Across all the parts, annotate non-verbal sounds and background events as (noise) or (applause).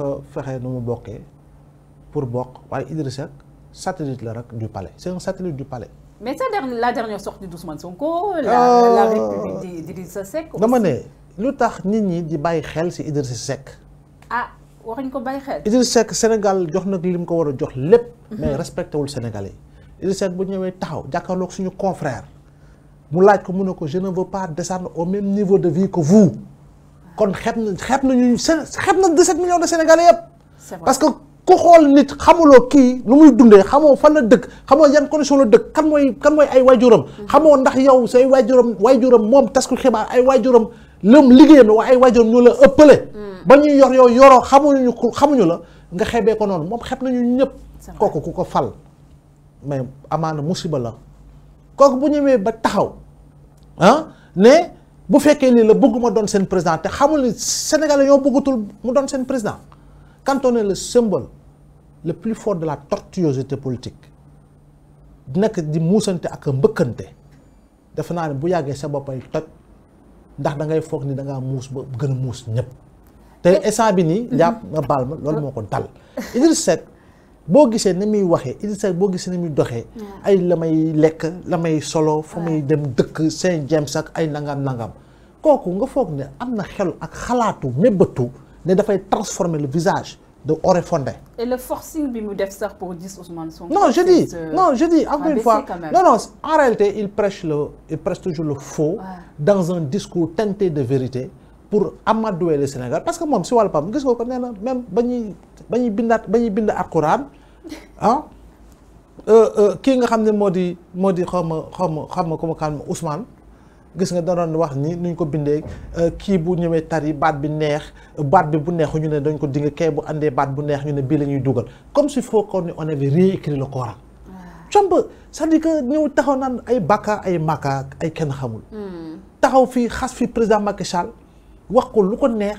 dafa fexe nu mu bokkee pour bokk waaye Idrissa Seck satellite la rek du palais c'est un satellite du palais. mais sa dernière la dernière sortie d'Ousmane Sonko. Euh, la la république d'Idrissa Seck. dama ne lu tax nit ñi di bàyyi xel ci Idrissa Seck. ah waruñ ko bàyyi xel. Idrissa Seck Sénégal jox nag li mu ko war a jox lépp. Mhm. mais respecté wul Sénégalais yi. Idrissa Seck bu ñëwee taxaw jàkkaarloog suñu confrère mu laaj ko mu ne ko je ne veux pas descendre au même niveau de vie que vous. kon xeeb na xeeb nañu xet na 17 millions de sénégalais yëpp. parce que ku xool nit xamuloo kii lu muy dundee xamoo fan la dëkk xamoo yan condition la dëkk kan mooy kan mooy ay waajuram. Mhm. xamoo ndax yow say waajuram waajuram moom tas ku xibaar ay waajuram lëm liggéeyam waaye ay waajuram ñoo la ëpple mhm. ba ñuy yor yow yoroo xamuñu xamuñu la nga xeebee ko noonu moom xet nañu ñëpp. kooku ku ko fal mais amaana musiba la kooku bu ñëwee ba taxaw ah, ne. bu fekké ni la bëgguma don sen président té xamul ni sénégalais ñoo bëggatul mu don sen président cantoné le symbole le plus fort de la tortuosité politique nekk di muusante ak mbëkkante defe naa ne bu yàggee sa bopay toj ndax da ngay fokk ni da nga muus ba gëna a muus ñëpp te instant bi ni mm-hmm. jàpp nga baal ma loolu moo ko dal (laughs) Idriss Seck bo gisee ni muy waxee Idrissa Seck boo gisee ni muy doxee. ay lamay lek lamay solo. fa dem deuk Saint James ak ay nangam nangam. kooku nga foog né amna xel ak khalaatu xalaatu né da fay transformer le visage de Orefondé. et le forcing bi mu def sax pour 10 Ousmane Sonko. non je dis non je dis encore une fois non non en réalité il prêche le il prêche toujours le faux. dans un discours teinté de vérité pour amadouer le Sénégal parce que moom si Walpam, pam gis nga ko même ba ba bindaat ba ñuy bind alquran ah euh, euh, kii nga xam ne moo di moo di xaw ma xaw ma xaw ma ko ma kan Ousmane gis nga danoon wax ni nuñ ko bindee euh, kii bu ñëwee tari baat bi neex baat bi bu neexu ñu ne dañ ko dinga kay bu àndee baat bu neex ñu ne bii la ñuy dugal comme si foo ko ni on avait réécrit le Coran. comb c'est-à-dire que ñëw taxaw naan ay bakka ay makka ay kenn xamul. Hmm. taxaw fii xas fi président Macky wax ko lu ko neex.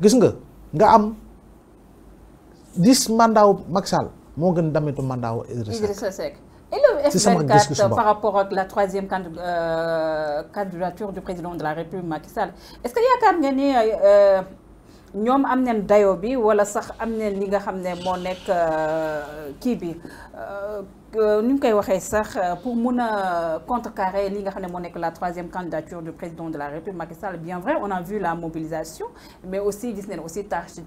gis nga nga am dix mandat wu mo Sall moo gën damitu mandat idriss Idrissa Seck et le F24 par rapport à la troisième euh, candidature du président de la République Macky Sall est-ce qu'il a yaakaar nga euh, ñom am dayo bi wala sax am li nga xamné ne nek euh, ki bi euh, euh, ñu koy waxé sax pour mëna contre contrecarrer li nga xamné mo nek la troisième candidature du président de la République Macky Sall bien vrai on a vu la mobilisation mais aussi gis aussi tâche